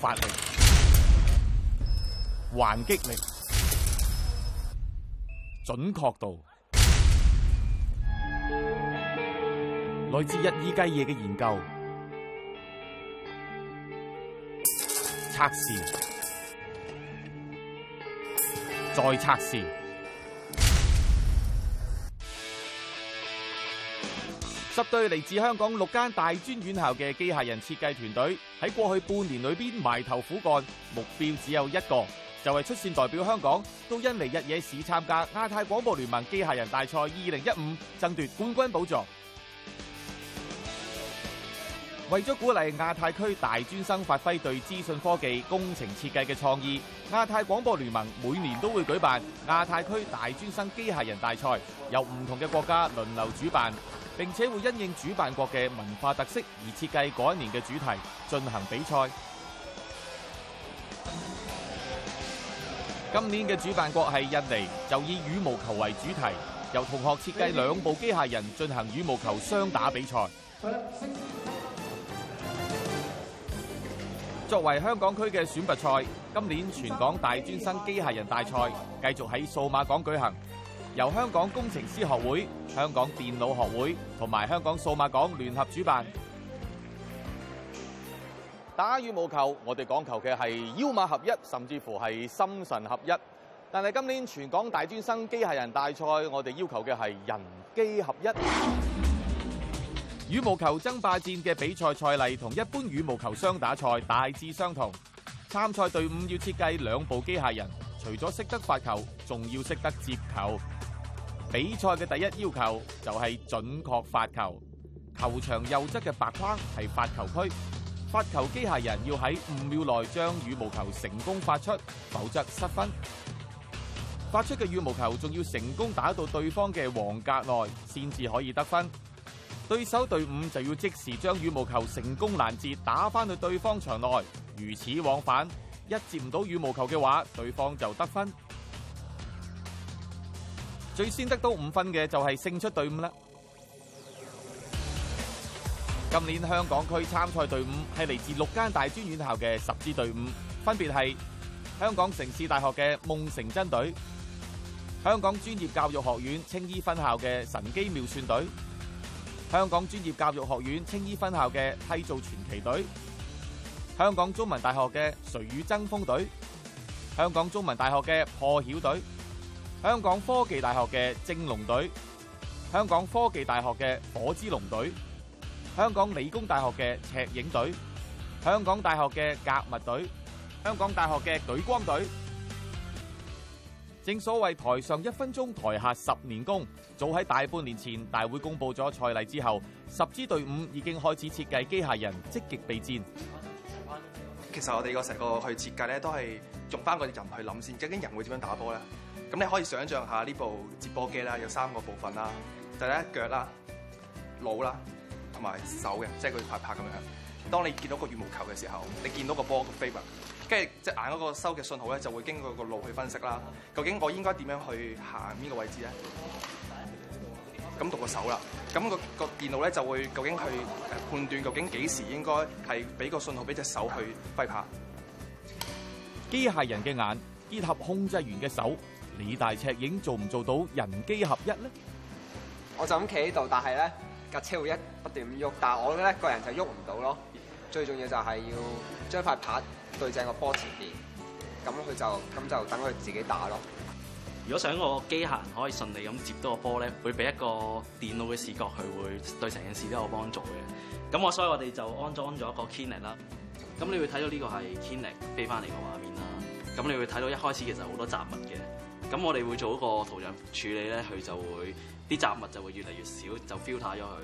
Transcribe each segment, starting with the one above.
發力，還擊力，準確度， 來自一衣雞嘢嘅研究，測試，再測試。十隊嚟自香港六間大專院校嘅機械人設計團隊喺過去半年裏邊埋頭苦幹，目標只有一個，就係、是、出線代表香港到印尼日惹市參加亞太廣播聯盟機械人大賽二零一五，爭奪冠軍寶座。 為咗鼓勵亞太區大專生發揮對資訊科技工程設計嘅創意，亞太廣播聯盟每年都會舉辦亞太區大專生機械人大賽，由唔同嘅國家輪流主辦。並且會因應主辦國嘅文化特色而設計嗰一年嘅主題進行比賽。今年嘅主辦國係印尼，就以羽毛球為主題，由同學設計兩部機械人進行羽毛球雙打比賽。作為香港區嘅選拔賽，今年全港大專生機械人大賽繼續喺數碼港舉行。由香港工程師學會、香港電腦學會同埋香港數碼港聯合主辦。打羽毛球，我哋講求嘅係腰馬合一，甚至乎係心神合一。但係今年全港大專生機械人大賽，我哋要求嘅係人機合一。羽毛球爭霸戰嘅比賽賽例同一般羽毛球雙打賽大致相同。參賽隊伍要設計兩部機械人，除咗識得發球，仲要識得接球。比賽嘅第一要求就係準確發球，球場右側嘅白框係發球區，發球機械人要喺五秒內將羽毛球成功發出，否則失分。發出嘅羽毛球仲要成功打到對方嘅黃格內，先至可以得分。對手隊伍就要即時將羽毛球成功攔截，打返去對方場內，如此往返，一接唔到羽毛球嘅話，對方就得分。最先得到五分嘅就係勝出隊伍啦。今年香港區參賽隊伍係嚟自六間大專院校嘅十支隊伍，分別係香港城市大學嘅夢成真隊、香港專業教育學院青衣分校嘅神機妙算隊、香港專業教育學院青衣分校嘅締造傳奇隊、香港中文大學嘅誰與爭鋒隊、香港中文大學嘅破曉隊。香港科技大學嘅蒸龍隊，香港科技大學嘅火之龍隊，香港理工大學嘅赤影隊，香港大學嘅格物隊，香港大學嘅鐳光隊。正所謂台上一分鐘，台下十年功。早喺大半年前，大會公布咗賽例之後，十支隊伍已經開始設計機械人，積極備戰。其實我哋個成個去設計咧，都係用翻個人去諗先，究竟人會點樣打波咧？咁你可以想象下呢部接波機啦，有三個部分啦，就係一腳啦、腦啦同埋手嘅，即係佢拍拍咁樣。當你見到個羽毛球嘅時候，你見到個波飛埋，跟住隻眼嗰個收嘅信號咧就會經過個腦去分析啦，究竟我應該點樣去行呢個位置咧？咁到個手啦，咁、那個個電腦咧就會究竟去判斷究竟幾時應該係俾個信號俾隻手去揮拍。機械人嘅眼結合控制員嘅手。李大赤影做唔做到人機合一咧？我就咁企喺度，但係咧架車會一不斷喐，但係我咧個人就喐唔到咯。最重要就係要將塊拍對正個波前邊，咁佢就咁就等佢自己打咯。如果想個機械人可以順利咁接到個波咧，會俾一個電腦嘅視覺，佢會對成件事都有幫助嘅。咁我所以我哋就安裝咗一個 Kinect 啦。咁你會睇到呢個係 Kinect 飛翻嚟嘅畫面啦。咁你會睇到一開始其實好多雜物嘅。咁我哋會做一個圖像處理咧，佢就會啲雜物就會越嚟越少，就 filter 咗佢。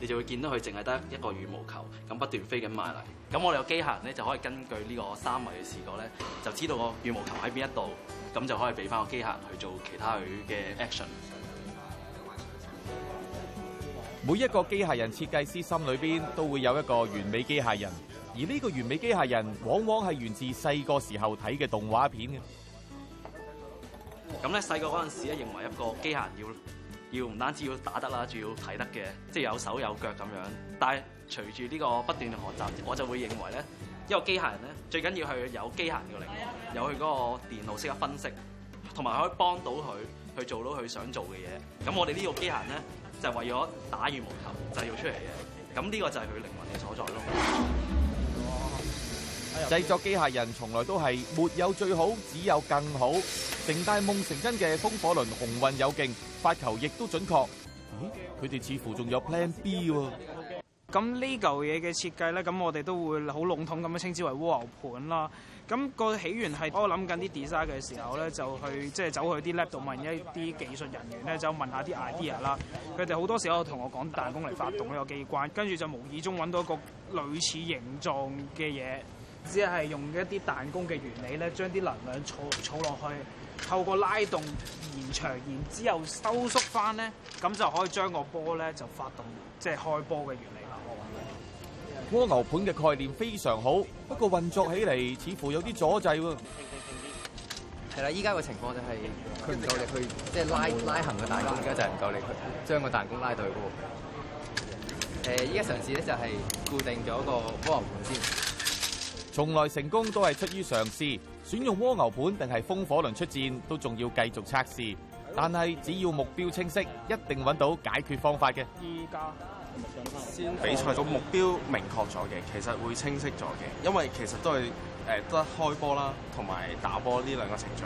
你就會見到佢淨係得一個羽毛球，咁不斷飛緊埋嚟。咁我哋個機械人咧就可以根據呢個三維嘅視覺咧，就知道個羽毛球喺邊一度，咁就可以俾翻個機械人去做其他佢嘅 action。每一個機械人設計師心裏邊都會有一個完美機械人，而呢個完美機械人往往係源自細個時候睇嘅動畫片。咁咧細個嗰陣時咧，認為一個機械人要要唔單止要打得啦，仲要睇得嘅，即係有手有腳咁樣。但係隨住呢個不斷嘅學習，我就會認為咧，一個機械人咧最緊要係有機械嘅靈魂，有佢嗰個電腦識得分析，同埋可以幫到佢去做到佢想做嘅嘢。咁我哋呢個機械人咧就係為咗打羽毛球製造出嚟嘅。咁呢個就係佢靈魂嘅所在咯。製作機械人從來都係沒有最好，只有更好。城大夢成真嘅風火輪紅運有勁，發球亦都準確。佢哋似乎仲有 plan B 喎、啊。咁呢嚿嘢嘅設計咧，咁我哋都會好籠統咁樣稱之為蝸牛盤啦。咁、那個起源係我諗緊啲 design 嘅時候咧，就去即係、就是、走去啲 lab 度問一啲技術人員咧，就問下啲 idea 啦。佢哋好多時候同我講，彈弓嚟發動呢個機關，跟住就無意中揾到一個類似形狀嘅嘢。只係用一啲彈弓嘅原理咧，將啲能量儲儲落去，透過拉動延長，然之後收縮翻咧，咁就可以將個波咧就發動，即係開波嘅原理啦。我話，蝸牛盤嘅概念非常好，不過運作起嚟似乎有啲阻滯喎。係啦，依家個情況就係佢唔夠力去，即係拉拉行個彈弓，依家就唔夠力去將個彈弓拉到去喎。誒，依家嘗試咧就係固定咗個蝸牛盤先。從來成功都係出於嘗試，選用蝸牛盤定係風火輪出戰都仲要繼續測試，但係只要目標清晰，一定揾到解決方法嘅。比賽個目標明確咗嘅，其實會清晰咗嘅，因為其實都係得開波啦，同埋打波呢兩個程序。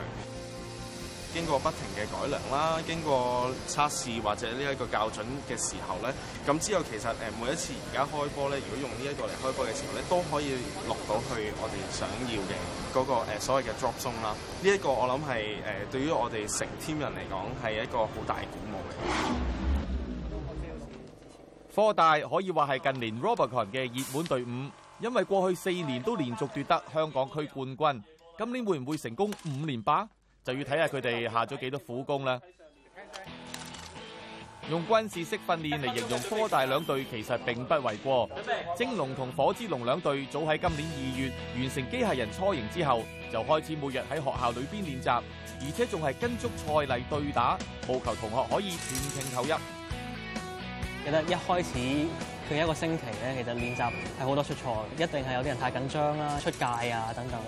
經過不停嘅改良啦，經過測試或者呢一個校準嘅時候呢，咁之後其實誒每一次而家開波呢，如果用呢一個嚟開波嘅時候呢，都可以落到去我哋想要嘅嗰個所謂嘅 drop zone 啦。呢、這個、一個我諗係誒對於我哋成 team 人嚟講係一個好大鼓舞嘅。科大可以話係近年 Robocon 嘅熱門隊伍，因為過去四年都連續奪得香港區冠軍，今年會唔會成功五連霸？就要睇下佢哋下咗幾多苦功啦。用軍事式訓練嚟形容科大兩隊其實並不為過。蒸龍同火之龍兩隊早喺今年二月完成機械人雛形之後，就開始每日喺學校裏邊練習，而且仲係跟足賽例對打，務求同學可以全程投入。記得一開始佢一個星期咧，其實練習係好多出錯，一定係有啲人太緊張啦、出界啊等等。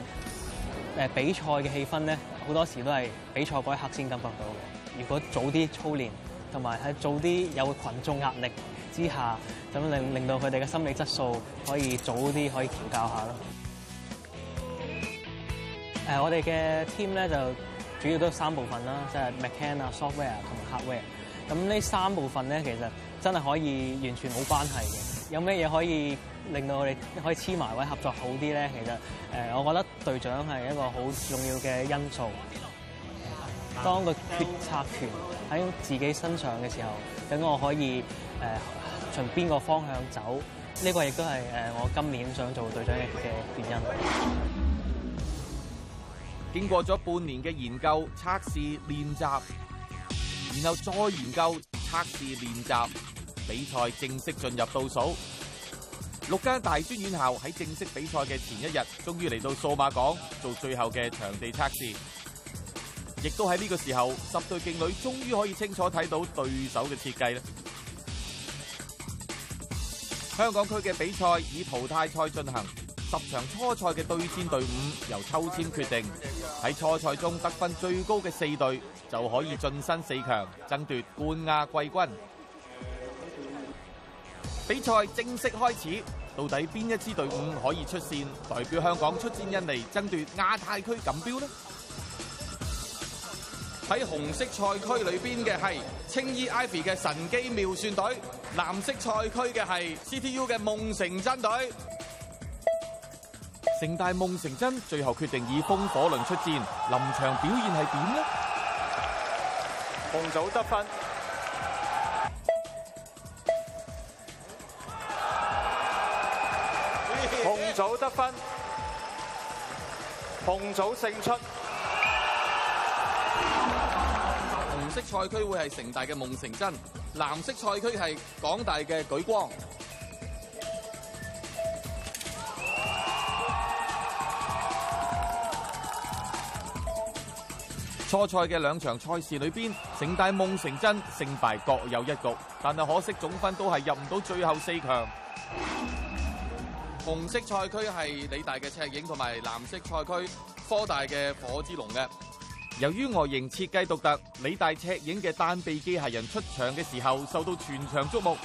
誒比賽嘅氣氛咧，好多時都係比賽嗰一刻先感覺到嘅。如果早啲操練，同埋喺早啲有群眾壓力之下，咁令令到佢哋嘅心理質素可以早啲可以調教下咯。誒， 我哋嘅 team 咧就主要都有三部分啦，即係 mechan 啊、software 同埋 hardware。咁呢三部分咧，其實真係可以完全冇關係嘅。有咩嘢可以？令到我哋可以黐埋位合作好啲咧，其實誒，我覺得隊長係一個好重要嘅因素。當個決策權喺自己身上嘅時候，等我可以誒從邊個方向走？呢個亦都係誒我今年想做隊長嘅原因。經過咗半年嘅研究、測試、練習，然後再研究、測試、練習，比賽正式進入倒數。六間大專院校喺正式比賽嘅前一日，終於嚟到數碼港做最後嘅場地測試。亦都喺呢個時候，十隊勁旅終於可以清楚睇到對手嘅設計啦。香港區嘅比賽以淘汰賽進行，十場初賽嘅對戰隊伍由抽簽決定。喺初賽中得分最高嘅四隊就可以晉身四強，爭奪冠亞季軍。比賽正式開始。到底邊一支隊伍可以出線，代表香港出戰印尼爭奪亞太區錦標呢？喺紅色賽區裏邊嘅係青衣 IVE 嘅神機妙算隊，藍色賽區嘅係 CTU 嘅夢成真隊。城大夢成真最後決定以風火輪出戰，臨場表現係點呢？紅組得分。組得分，紅組勝出。紅色賽區會係城大嘅夢成真，藍色賽區係港大嘅舉光。初賽嘅兩場賽事裏邊，城大夢成真勝敗各有一局，但係可惜總分都係入唔到最後四強。紅色賽區係理大嘅赤影同埋藍色賽區科大嘅火之龍嘅。由於外形設計獨特，理大赤影嘅單臂機械人出場嘅時候受到全場矚目。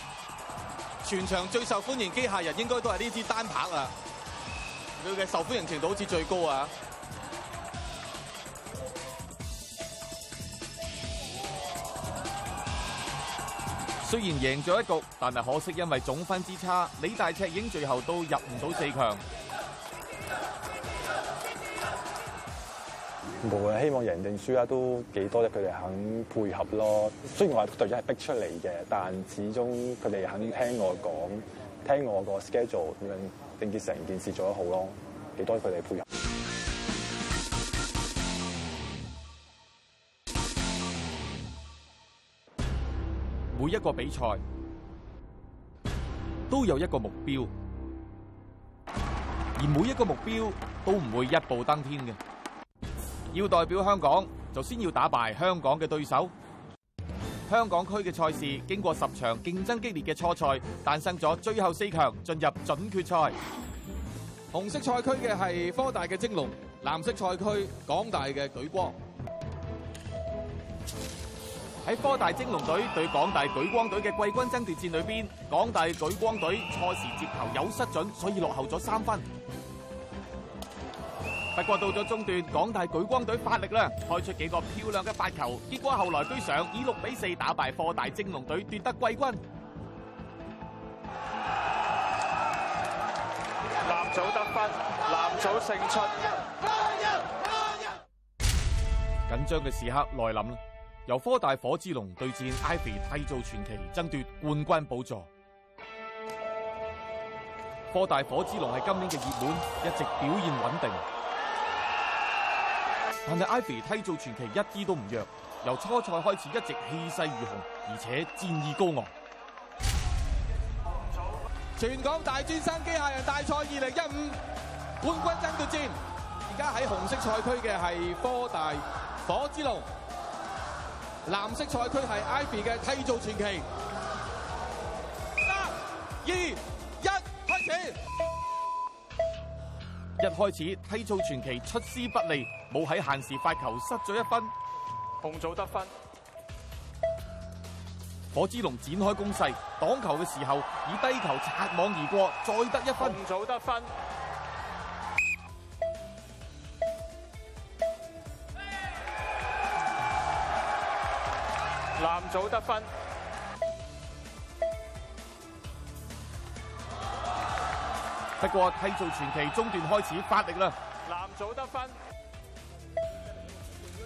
全場最受歡迎機械人應該都係呢支單拍啊！佢嘅受歡迎程度好似最高啊！雖然贏咗一局，但係可惜因為總分之差，李大赤英最後都入唔到四強。無論希望贏定輸啦，都幾多得佢哋肯配合咯。雖然我話隊長係逼出嚟嘅，但始終佢哋肯聽我講，聽我個 schedule，令定件成件事做得好咯。幾多佢哋配合。每一個比賽都有一個目標，而每一個目標都唔會一步登天嘅。要代表香港，就先要打敗香港嘅對手。香港區嘅賽事經過十場競爭激烈嘅初賽，誕生咗最後四強進入準決賽。紅色賽區嘅係科大嘅精龍，藍色賽區港大嘅舉光。喺科大蒸龍隊對港大舉光隊嘅季軍爭奪戰裏邊，港大舉光隊錯時接球有失準，所以落後咗三分。不過到咗中段，港大舉光隊發力啦，開出幾個漂亮嘅發球，結果後來居上，以六比四打敗科大蒸龍隊，奪得季軍。藍組得分，藍組勝出。緊張嘅時刻來臨啦！由科大火之龍對戰 ivy 締造傳奇爭奪冠軍寶座。科大火之龍係今年嘅熱門，一直表現穩定。但係 ivy 締造傳奇一啲都唔弱，由初賽開始一直氣勢如虹，而且戰意高昂。全港大專生機械人大賽二零一五冠軍爭奪戰，而家喺紅色賽區嘅係科大火之龍。藍色賽區係 IVE 嘅梯造傳奇，三二一開始。一開始梯造傳奇出師不利，冇喺限時發球失咗一分，紅組得分。火之龍展開攻勢，擋球嘅時候以低球擦網而過，再得一分，紅組得分。藍組得分，不過替造傳奇中段開始發力啦。藍組得分做，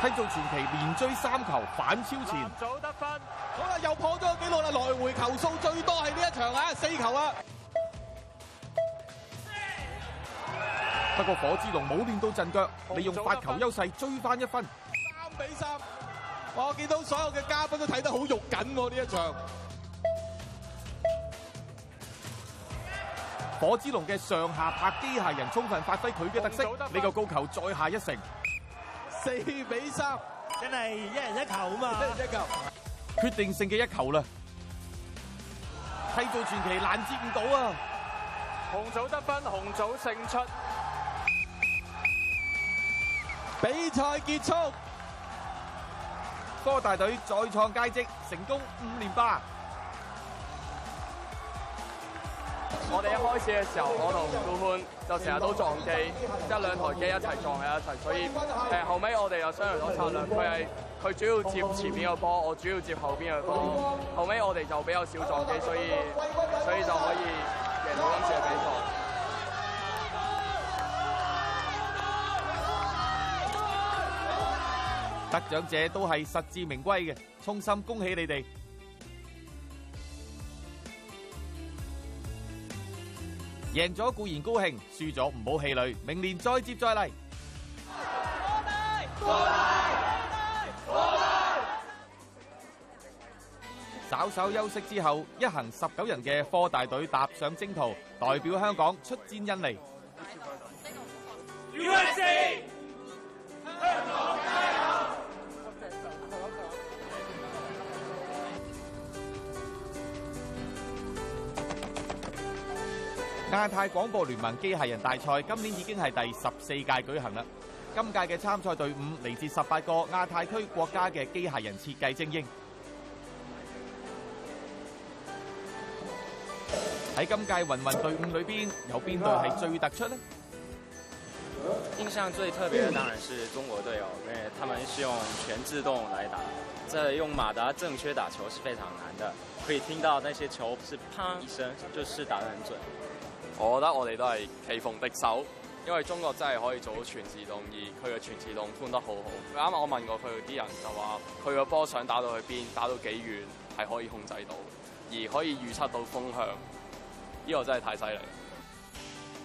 替造傳奇連追三球反超前。藍組得分，好啦，又破咗紀錄啦，來回球數最多係呢一場啊，四球啊。不過火之龍冇亂到陣腳，利用發球優勢追翻一分，三比三。我見到所有嘅嘉賓都睇得好肉緊，呢一場。火之龍嘅上下拍機械人充分發揮佢嘅特色，呢個高球再下一城，四比三。因為一人一球啊嘛，一人一球。決定性嘅一球啦！製造傳奇攔截唔到啊！紅組得分，紅組勝出。比賽結束，科大隊再創佳績，成功五連霸。我哋一開始嘅時候，我同杜歡就成日都撞機，即係兩台機一齊撞喺一齊，所以誒後尾我哋又商量咗策略。佢係佢主要接前面嘅波，我主要接後邊嘅波。後尾我哋就比較少撞機，所以所以就可以贏到今次嘅比賽。得獎者都係實至名歸嘅，衷心恭喜你哋！贏咗固然高興，輸咗唔好氣餒，明年再接再厲！科大科大科大科大！稍稍休息之後，一行十九人嘅科大隊踏上征途，代表香港出戰印尼。U. S. 香港。亞太廣播聯盟機械人大賽今年已經係第十四屆舉行啦。今屆嘅參賽隊伍嚟自十八個亞太區國家嘅機械人設計精英。喺今屆雲雲隊伍裏邊，有邊隊係最突出呢？印象最特別嘅當然是中國隊友，因為他們是用全自動來打。這用馬達正確打球是非常難的，可以聽到那些球是啪一聲，就是打得很準。我覺得我哋都係棋逢敵手，因為中國真係可以做到全自動，而佢嘅全自動判得好好。啱啱我問過佢啲人就話，佢個波想打到去邊，打到幾遠係可以控制到，而可以預測到風向，呢個真係太犀利。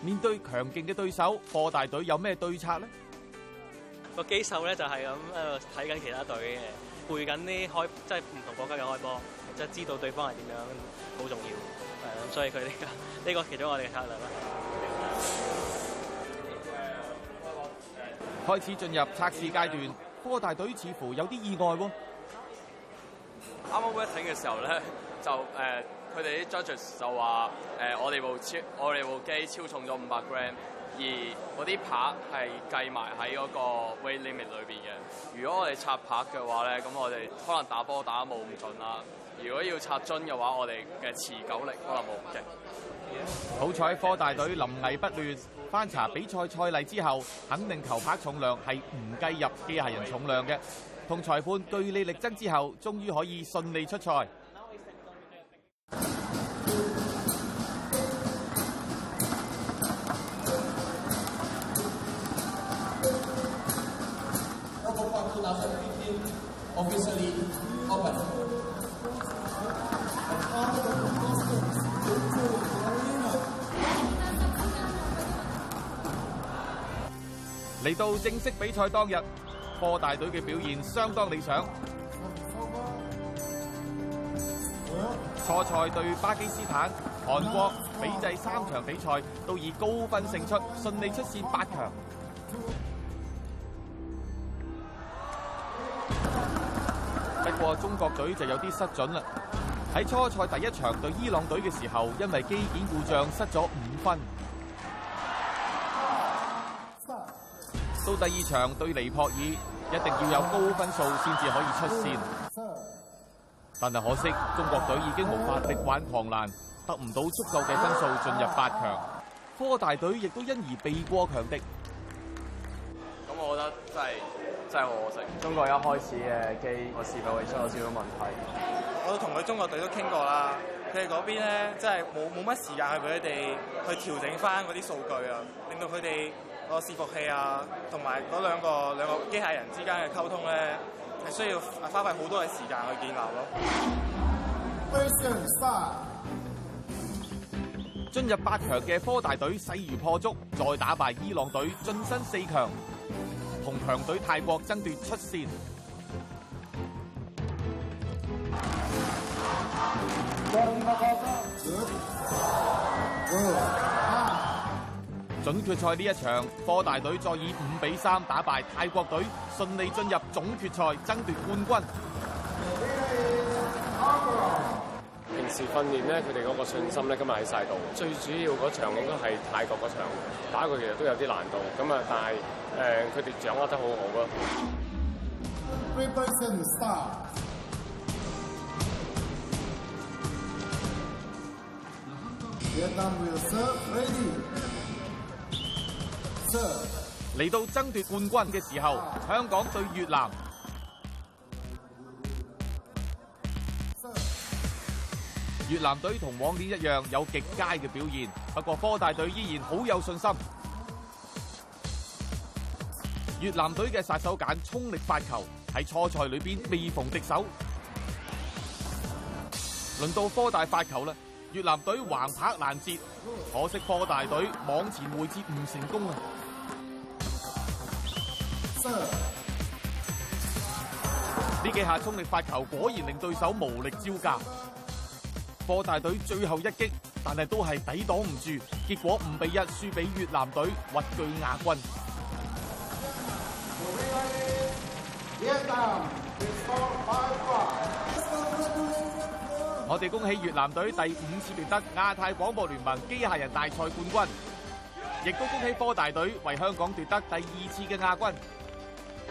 面對強勁嘅對手，科大隊有咩對策呢？個機手咧就係咁睇緊其他隊嘅。背緊啲開，即係唔同國家嘅開波，即係知道對方係點樣，好重要。係咁，所以佢、這、呢個呢個其中我哋嘅策略啦。開始進入測試階段，港、那個、大隊似乎有啲意外喎。啱啱 weigh in 嘅時候咧，就誒佢哋啲 judges 就話誒、呃、我哋部超我哋部機超重咗五百 gram。而嗰啲拍係計埋喺嗰個 weight limit 裏邊嘅。如果我哋插拍嘅話咧，咁我哋可能打波打冇咁盡啦。如果要插樽嘅話，我哋嘅持久力可能冇咁勁。Yeah. 好彩科大隊臨危不亂，翻查比賽賽例之後，肯定球拍重量係唔計入機械人重量嘅。同裁判據理力爭之後，終於可以順利出賽。Obviously open。嚟到正式比賽當日，科大隊嘅表現相當理想。錯賽對巴基斯坦、韓國、美制三場比賽，都以高分勝出，順利出線八強。中國隊就有啲失準啦，喺初賽第一場對伊朗隊嘅時候，因為機件故障失咗五分，到第二場對尼泊爾，一定要有高分數先至可以出線，但係可惜中國隊已經無法力挽狂瀾，得唔到足夠嘅分數進入八強，科大隊亦都因而避過強敵，咁我覺得真係。真係可惜。中國一開始嘅機，我是否會出咗少少問題？我都同佢中國隊都傾過啦，佢哋嗰邊咧，真係冇冇乜時間去俾佢哋去調整翻嗰啲數據啊，令到佢哋個伺服器啊，同埋嗰兩個兩個機械人之間嘅溝通咧，係需要花費好多嘅時間去建立咯。f i r 進入八強嘅科大隊勢如破竹，再打敗伊朗隊晉身四強。同強隊泰國爭奪出線。準決賽呢一場，科大隊再以五比三打敗泰國隊，順利進入總決賽爭奪冠軍。平時訓練咧，佢哋嗰個信心咧，今日喺晒度。最主要嗰場應該係泰國嗰場打佢，其實都有啲難度。咁啊，但係誒，佢哋掌握得好好咯。嚟到爭奪冠軍嘅時候，香港對越南。越南隊同往年一樣有極佳嘅表現，不過科大隊依然好有信心。越南隊嘅殺手鐧衝力發球喺初賽裏邊未逢敵手。輪到科大發球啦，越南隊橫拍攔截，可惜科大隊網前回接唔成功啊！呢幾下衝力發球果然令對手無力招架。科大隊最後一擊，但係都係抵擋唔住，結果五比一輸俾越南隊，屈居亞軍。我哋恭喜越南隊第五次奪得亞太廣播聯盟機械人大賽冠軍，亦都恭喜科大隊為香港奪得第二次嘅亞軍。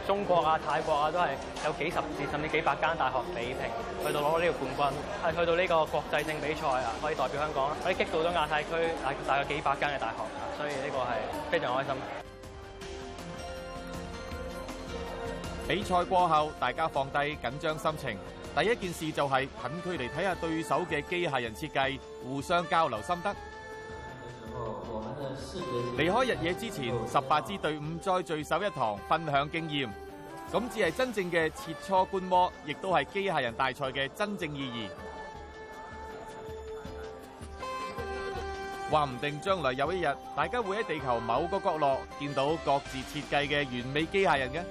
中國啊、泰國啊，都係有幾十至甚至幾百間大學比拼，去到攞呢個冠軍，係去到呢個國際性比賽啊，可以代表香港，可以激到咗亞太區大大概幾百間嘅大學啊，所以呢個係非常開心。比賽過後，大家放低緊張心情，第一件事就係近距離睇下對手嘅機械人設計，互相交流心得。離開日夜之前，十八支隊伍再聚首一堂，分享經驗。咁只係真正嘅切磋觀摩，亦都係機械人大賽嘅真正意義。話唔定將來有一日，大家會喺地球某個角落見到各自設計嘅完美機械人嘅。